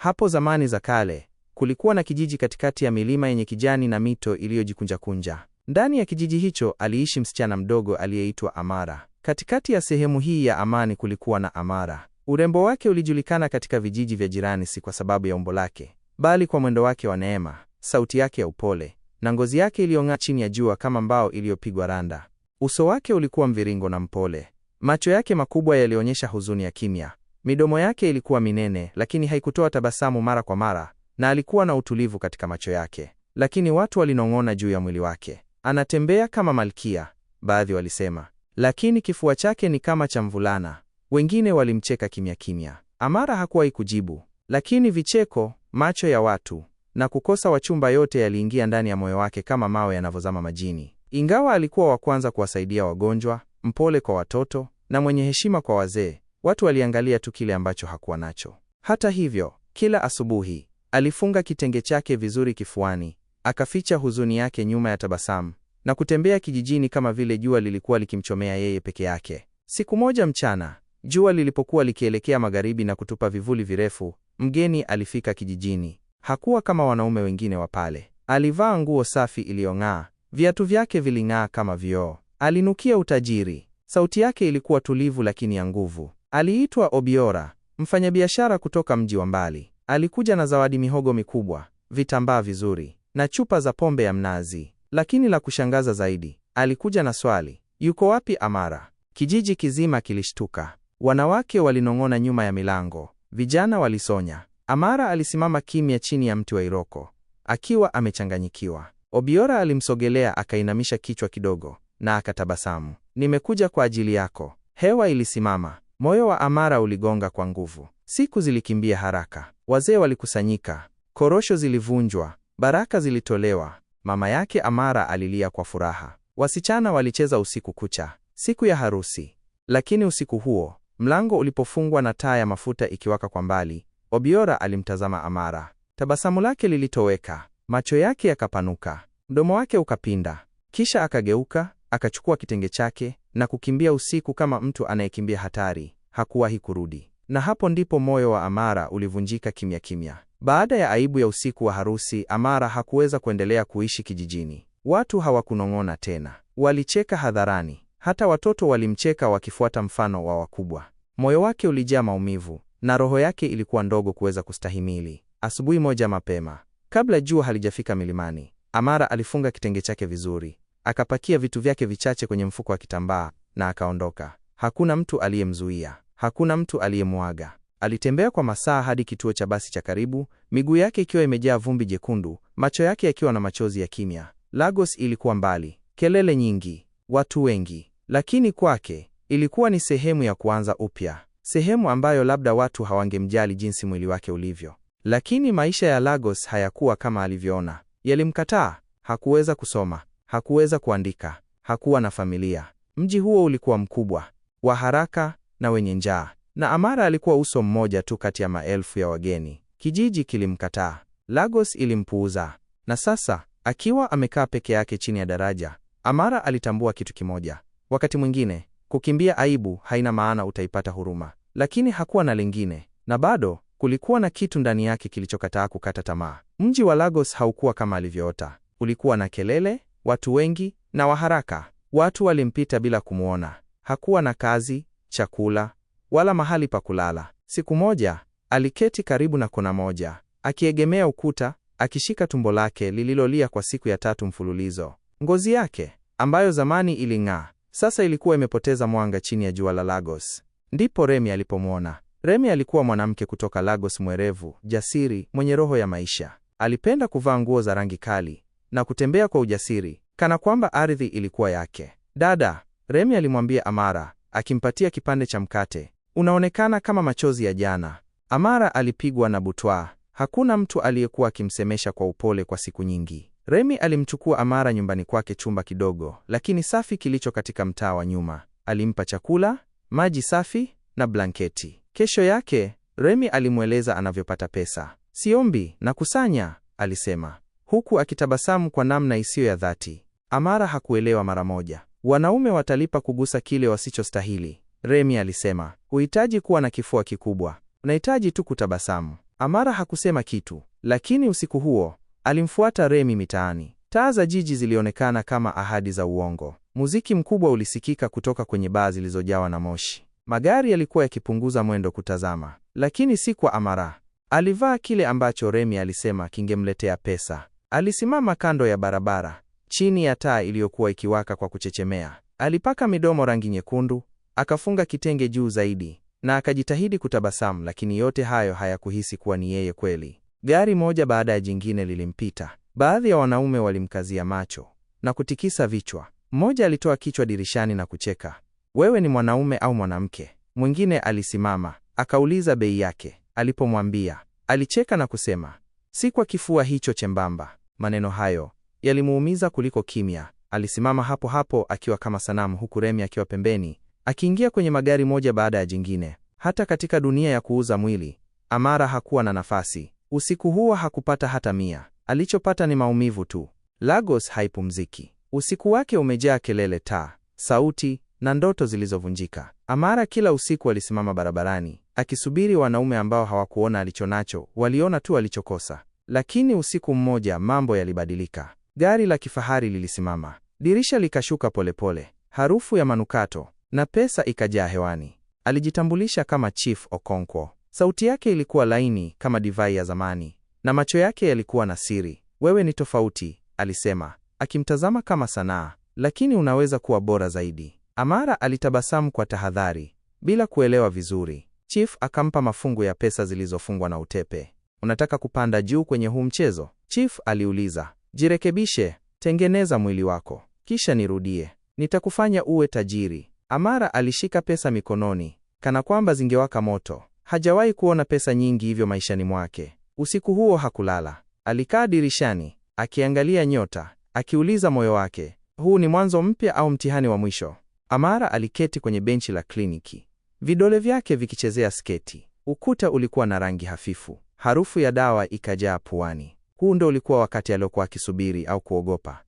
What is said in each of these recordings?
Hapo zamani za kale kulikuwa na kijiji katikati ya milima yenye kijani na mito iliyojikunjakunja. Ndani ya kijiji hicho aliishi msichana mdogo aliyeitwa Amara. Katikati ya sehemu hii ya amani kulikuwa na Amara. Urembo wake ulijulikana katika vijiji vya jirani, si kwa sababu ya umbo lake, bali kwa mwendo wake wa neema, sauti yake ya upole na ngozi yake iliyong'aa chini ya jua kama mbao iliyopigwa randa. Uso wake ulikuwa mviringo na mpole, macho yake makubwa yalionyesha huzuni ya kimya, Midomo yake ilikuwa minene, lakini haikutoa tabasamu mara kwa mara, na alikuwa na utulivu katika macho yake, lakini watu walinong'ona juu ya mwili wake. Anatembea kama malkia, baadhi walisema, lakini kifua chake ni kama cha mvulana. Wengine walimcheka kimya kimya. Amara hakuwahi kujibu, lakini vicheko, macho ya watu na kukosa wachumba yote yaliingia ndani ya moyo wake kama mawe yanavyozama majini. Ingawa alikuwa wa kwanza kuwasaidia wagonjwa, mpole kwa watoto na mwenye heshima kwa wazee, Watu waliangalia tu kile ambacho hakuwa nacho. Hata hivyo, kila asubuhi alifunga kitenge chake vizuri kifuani, akaficha huzuni yake nyuma ya tabasamu na kutembea kijijini kama vile jua lilikuwa likimchomea yeye peke yake. Siku moja mchana, jua lilipokuwa likielekea magharibi na kutupa vivuli virefu, mgeni alifika kijijini. Hakuwa kama wanaume wengine wa pale. Alivaa nguo safi iliyong'aa, viatu vyake viling'aa kama vioo. Alinukia utajiri. Sauti yake ilikuwa tulivu lakini ya nguvu. Aliitwa Obiora, mfanyabiashara kutoka mji wa mbali. Alikuja na zawadi, mihogo mikubwa, vitambaa vizuri na chupa za pombe ya mnazi. Lakini la kushangaza zaidi, alikuja na swali, yuko wapi Amara? Kijiji kizima kilishtuka. Wanawake walinong'ona nyuma ya milango, vijana walisonya. Amara alisimama kimya chini ya mti wa iroko akiwa amechanganyikiwa. Obiora alimsogelea, akainamisha kichwa kidogo na akatabasamu. Nimekuja kwa ajili yako. Hewa ilisimama. Moyo wa Amara uligonga kwa nguvu. Siku zilikimbia haraka, wazee walikusanyika, korosho zilivunjwa, baraka zilitolewa. Mama yake Amara alilia kwa furaha. Wasichana walicheza usiku kucha, siku ya harusi. Lakini usiku huo, mlango ulipofungwa na taa ya mafuta ikiwaka kwa mbali, Obiora alimtazama Amara. Tabasamu lake lilitoweka, macho yake yakapanuka, mdomo wake ukapinda. Kisha akageuka, akachukua kitenge chake na kukimbia usiku kama mtu anayekimbia hatari. Hakuwahi kurudi, na hapo ndipo moyo wa Amara ulivunjika kimya kimya. Baada ya aibu ya usiku wa harusi, Amara hakuweza kuendelea kuishi kijijini. Watu hawakunong'ona tena, walicheka hadharani, hata watoto walimcheka wakifuata mfano wa wakubwa. Moyo wake ulijaa maumivu na roho yake ilikuwa ndogo kuweza kustahimili. Asubuhi moja mapema, kabla jua halijafika milimani, Amara alifunga kitenge chake vizuri, Akapakia vitu vyake vichache kwenye mfuko wa kitambaa na akaondoka. Hakuna mtu aliyemzuia, hakuna mtu aliyemwaga. Alitembea kwa masaa hadi kituo cha basi cha karibu, miguu yake ikiwa imejaa vumbi jekundu, macho yake yakiwa na machozi ya kimya. Lagos ilikuwa mbali, kelele nyingi, watu wengi, lakini kwake ilikuwa ni sehemu ya kuanza upya, sehemu ambayo labda watu hawangemjali jinsi mwili wake ulivyo. Lakini maisha ya Lagos hayakuwa kama alivyoona. Yalimkataa, hakuweza kusoma hakuweza kuandika, hakuwa na familia. Mji huo ulikuwa mkubwa, wa haraka na wenye njaa, na Amara alikuwa uso mmoja tu kati ya maelfu ya wageni. Kijiji kilimkataa, Lagos ilimpuuza, na sasa akiwa amekaa peke yake chini ya daraja, Amara alitambua kitu kimoja. Wakati mwingine kukimbia aibu haina maana utaipata huruma, lakini hakuwa na lingine, na bado kulikuwa na kitu ndani yake kilichokataa kukata tamaa. Mji wa Lagos haukuwa kama alivyoota. Ulikuwa na kelele, watu wengi na wa haraka. Watu walimpita bila kumwona. Hakuwa na kazi, chakula wala mahali pa kulala. Siku moja aliketi karibu na kona moja, akiegemea ukuta, akishika tumbo lake lililolia kwa siku ya tatu mfululizo. Ngozi yake ambayo zamani iling'aa sasa ilikuwa imepoteza mwanga chini ya jua la Lagos. Ndipo Remi alipomwona. Remi alikuwa mwanamke kutoka Lagos, mwerevu, jasiri, mwenye roho ya maisha. Alipenda kuvaa nguo za rangi kali, na kutembea kwa ujasiri, kana kwamba ardhi ilikuwa yake. Dada, Remi alimwambia Amara, akimpatia kipande cha mkate. Unaonekana kama machozi ya jana. Amara alipigwa na butwa. Hakuna mtu aliyekuwa akimsemesha kwa upole kwa siku nyingi. Remi alimchukua Amara nyumbani kwake, chumba kidogo lakini safi kilicho katika mtaa wa nyuma. Alimpa chakula, maji safi na blanketi. Kesho yake Remi alimweleza anavyopata pesa. Siombi, nakusanya, alisema huku akitabasamu kwa namna isiyo ya dhati. Amara hakuelewa mara moja. Wanaume watalipa kugusa kile wasichostahili, Remi alisema. Huhitaji kuwa na kifua kikubwa, unahitaji tu kutabasamu. Amara hakusema kitu, lakini usiku huo alimfuata Remi mitaani. Taa za jiji zilionekana kama ahadi za uongo. Muziki mkubwa ulisikika kutoka kwenye baa zilizojawa na moshi. Magari yalikuwa yakipunguza mwendo kutazama, lakini si kwa Amara. Alivaa kile ambacho Remi alisema kingemletea pesa, Alisimama kando ya barabara, chini ya taa iliyokuwa ikiwaka kwa kuchechemea. Alipaka midomo rangi nyekundu, akafunga kitenge juu zaidi, na akajitahidi kutabasamu, lakini yote hayo hayakuhisi kuwa ni yeye kweli. Gari moja baada ya jingine lilimpita. Baadhi ya wanaume walimkazia macho na kutikisa vichwa. Mmoja alitoa kichwa dirishani na kucheka, wewe ni mwanaume au mwanamke? Mwingine alisimama akauliza bei yake. Alipomwambia, alicheka na kusema, si kwa kifua hicho chembamba. Maneno hayo yalimuumiza kuliko kimya. Alisimama hapo hapo akiwa kama sanamu, huku Remi akiwa pembeni, akiingia kwenye magari moja baada ya jingine. Hata katika dunia ya kuuza mwili, Amara hakuwa na nafasi. Usiku huo hakupata hata mia. Alichopata ni maumivu tu. Lagos haipumziki. Usiku wake umejaa kelele, taa, sauti na ndoto zilizovunjika. Amara kila usiku alisimama barabarani akisubiri wanaume ambao hawakuona alichonacho, waliona tu alichokosa. Lakini usiku mmoja mambo yalibadilika. Gari la kifahari lilisimama, dirisha likashuka polepole pole, harufu ya manukato na pesa ikajaa hewani. Alijitambulisha kama Chief Okonkwo. Sauti yake ilikuwa laini kama divai ya zamani, na macho yake yalikuwa na siri. Wewe ni tofauti, alisema, akimtazama kama sanaa, lakini unaweza kuwa bora zaidi. Amara alitabasamu kwa tahadhari, bila kuelewa vizuri. Chief akampa mafungu ya pesa zilizofungwa na utepe. Unataka kupanda juu kwenye huu mchezo? Chief aliuliza. Jirekebishe, tengeneza mwili wako, kisha nirudie. Nitakufanya uwe tajiri. Amara alishika pesa mikononi kana kwamba zingewaka moto. Hajawahi kuona pesa nyingi hivyo maishani mwake. Usiku huo hakulala. Alikaa dirishani akiangalia nyota, akiuliza moyo wake, huu ni mwanzo mpya au mtihani wa mwisho? Amara aliketi kwenye benchi la kliniki, vidole vyake vikichezea sketi. Ukuta ulikuwa na rangi hafifu. Harufu ya dawa ikajaa puani. Huu ndo ulikuwa wakati aliokuwa akisubiri au kuogopa.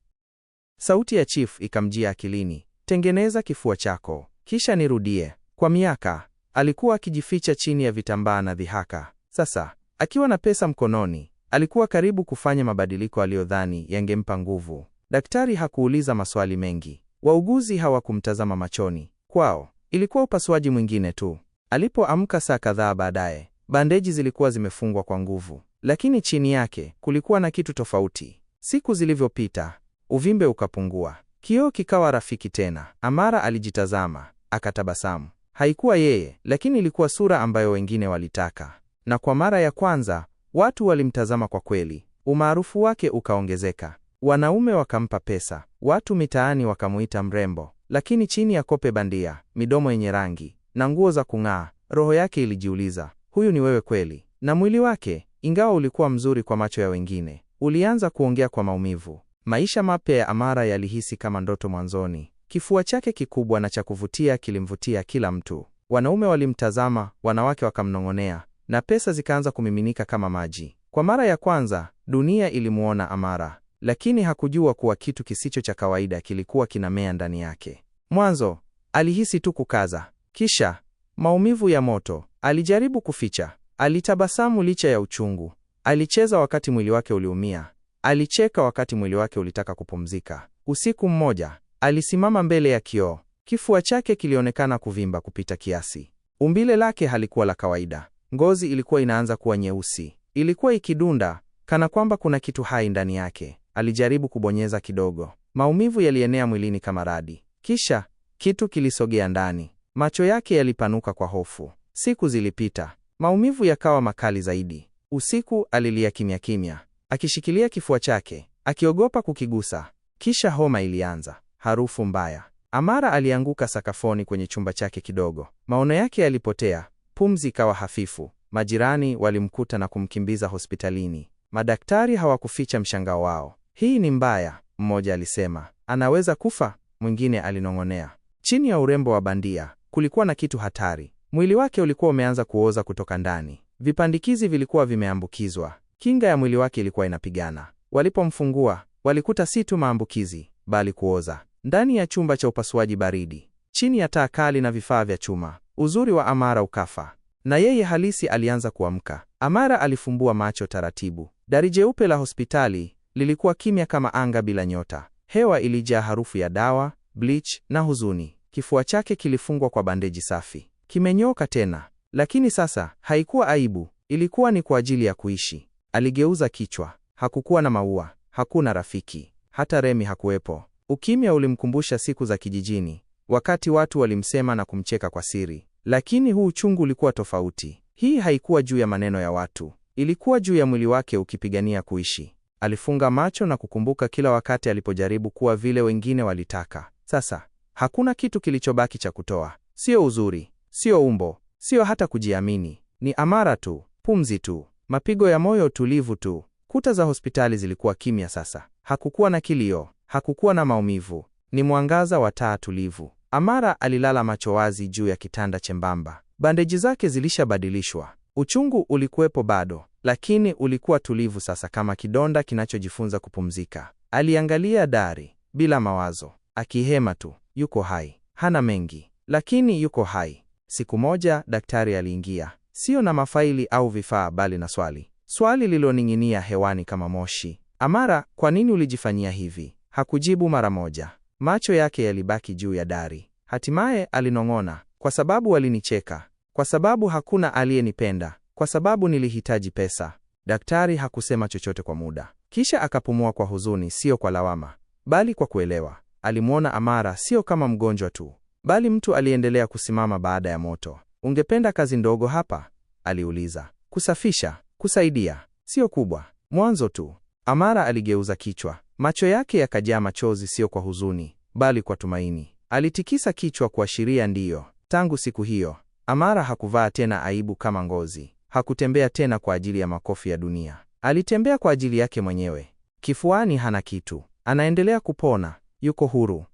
Sauti ya chief ikamjia akilini, tengeneza kifua chako kisha nirudie. Kwa miaka alikuwa akijificha chini ya vitambaa na dhihaka. Sasa akiwa na pesa mkononi, alikuwa karibu kufanya mabadiliko aliyodhani yangempa nguvu. Daktari hakuuliza maswali mengi, wauguzi hawakumtazama machoni. Kwao ilikuwa upasuaji mwingine tu. Alipoamka saa kadhaa baadaye Bandeji zilikuwa zimefungwa kwa nguvu, lakini chini yake kulikuwa na kitu tofauti. Siku zilivyopita, uvimbe ukapungua, kioo kikawa rafiki tena. Amara alijitazama akatabasamu. Haikuwa yeye, lakini ilikuwa sura ambayo wengine walitaka, na kwa mara ya kwanza watu walimtazama kwa kweli. Umaarufu wake ukaongezeka, wanaume wakampa pesa, watu mitaani wakamuita mrembo. Lakini chini ya kope bandia, midomo yenye rangi na nguo za kung'aa, roho yake ilijiuliza huyu ni wewe kweli. Na mwili wake, ingawa ulikuwa mzuri kwa macho ya wengine, ulianza kuongea kwa maumivu. Maisha mapya ya Amara yalihisi kama ndoto mwanzoni. Kifua chake kikubwa na cha kuvutia kilimvutia kila mtu. Wanaume walimtazama, wanawake wakamnong'onea, na pesa zikaanza kumiminika kama maji. Kwa mara ya kwanza, dunia ilimuona Amara, lakini hakujua kuwa kitu kisicho cha kawaida kilikuwa kinamea ndani yake. Mwanzo alihisi tu kukaza, kisha maumivu ya moto, Alijaribu kuficha, alitabasamu licha ya uchungu, alicheza wakati mwili wake uliumia, alicheka wakati mwili wake ulitaka kupumzika. Usiku mmoja alisimama mbele ya kioo, kifua chake kilionekana kuvimba kupita kiasi. Umbile lake halikuwa la kawaida, ngozi ilikuwa inaanza kuwa nyeusi, ilikuwa ikidunda kana kwamba kuna kitu hai ndani yake. Alijaribu kubonyeza kidogo, maumivu yalienea mwilini kama radi. Kisha kitu kilisogea ndani, macho yake yalipanuka kwa hofu. Siku zilipita, maumivu yakawa makali zaidi. Usiku alilia kimya kimya, akishikilia kifua chake, akiogopa kukigusa. Kisha homa ilianza, harufu mbaya. Amara alianguka sakafoni kwenye chumba chake kidogo. Maono yake yalipotea, pumzi ikawa hafifu. Majirani walimkuta na kumkimbiza hospitalini. Madaktari hawakuficha mshangao wao. Hii ni mbaya, mmoja alisema. Anaweza kufa, mwingine alinong'onea. Chini ya urembo wa bandia kulikuwa na kitu hatari. Mwili wake ulikuwa umeanza kuoza kutoka ndani, vipandikizi vilikuwa vimeambukizwa, kinga ya mwili wake ilikuwa inapigana. Walipomfungua walikuta si tu maambukizi, bali kuoza. Ndani ya chumba cha upasuaji baridi, chini ya taa kali na vifaa vya chuma, uzuri wa Amara ukafa, na yeye halisi alianza kuamka. Amara alifumbua macho taratibu. Dari jeupe la hospitali lilikuwa kimya kama anga bila nyota. Hewa ilijaa harufu ya dawa, bleach na huzuni. Kifua chake kilifungwa kwa bandeji safi kimenyoka tena. Lakini sasa haikuwa aibu, ilikuwa ni kwa ajili ya kuishi. Aligeuza kichwa. Hakukuwa na maua, hakuna rafiki, hata Remi hakuwepo. Ukimya ulimkumbusha siku za kijijini, wakati watu walimsema na kumcheka kwa siri. Lakini huu uchungu ulikuwa tofauti. Hii haikuwa juu ya maneno ya watu, ilikuwa juu ya mwili wake ukipigania kuishi. Alifunga macho na kukumbuka kila wakati alipojaribu kuwa vile wengine walitaka. Sasa hakuna kitu kilichobaki cha kutoa, sio uzuri Sio umbo, sio hata kujiamini, ni amara tu, pumzi tu, mapigo ya moyo tulivu tu. Kuta za hospitali zilikuwa kimya sasa. Hakukuwa na kilio, hakukuwa na maumivu, ni mwangaza wa taa tulivu. Amara alilala macho wazi juu ya kitanda chembamba. Bandeji zake zilishabadilishwa. Uchungu ulikuwepo bado, lakini ulikuwa tulivu sasa, kama kidonda kinachojifunza kupumzika. Aliangalia dari bila mawazo, akihema tu. Yuko hai, hana mengi, lakini yuko hai. Siku moja daktari aliingia, sio na mafaili au vifaa, bali na swali, swali liloning'inia hewani kama moshi. Amara, kwa nini ulijifanyia hivi? Hakujibu mara moja, macho yake yalibaki juu ya dari. Hatimaye alinong'ona, kwa sababu walinicheka, kwa sababu hakuna aliyenipenda, kwa sababu nilihitaji pesa. Daktari hakusema chochote kwa muda, kisha akapumua kwa huzuni, sio kwa lawama, bali kwa kuelewa. Alimwona Amara sio kama mgonjwa tu, Bali mtu aliendelea kusimama baada ya moto. Ungependa kazi ndogo hapa? aliuliza. Kusafisha, kusaidia, sio kubwa, mwanzo tu. Amara aligeuza kichwa, macho yake yakajaa machozi, sio kwa huzuni, bali kwa tumaini. Alitikisa kichwa kuashiria ndiyo. Tangu siku hiyo, Amara hakuvaa tena aibu kama ngozi. Hakutembea tena kwa ajili ya makofi ya dunia. Alitembea kwa ajili yake mwenyewe. Kifuani hana kitu, anaendelea kupona, yuko huru.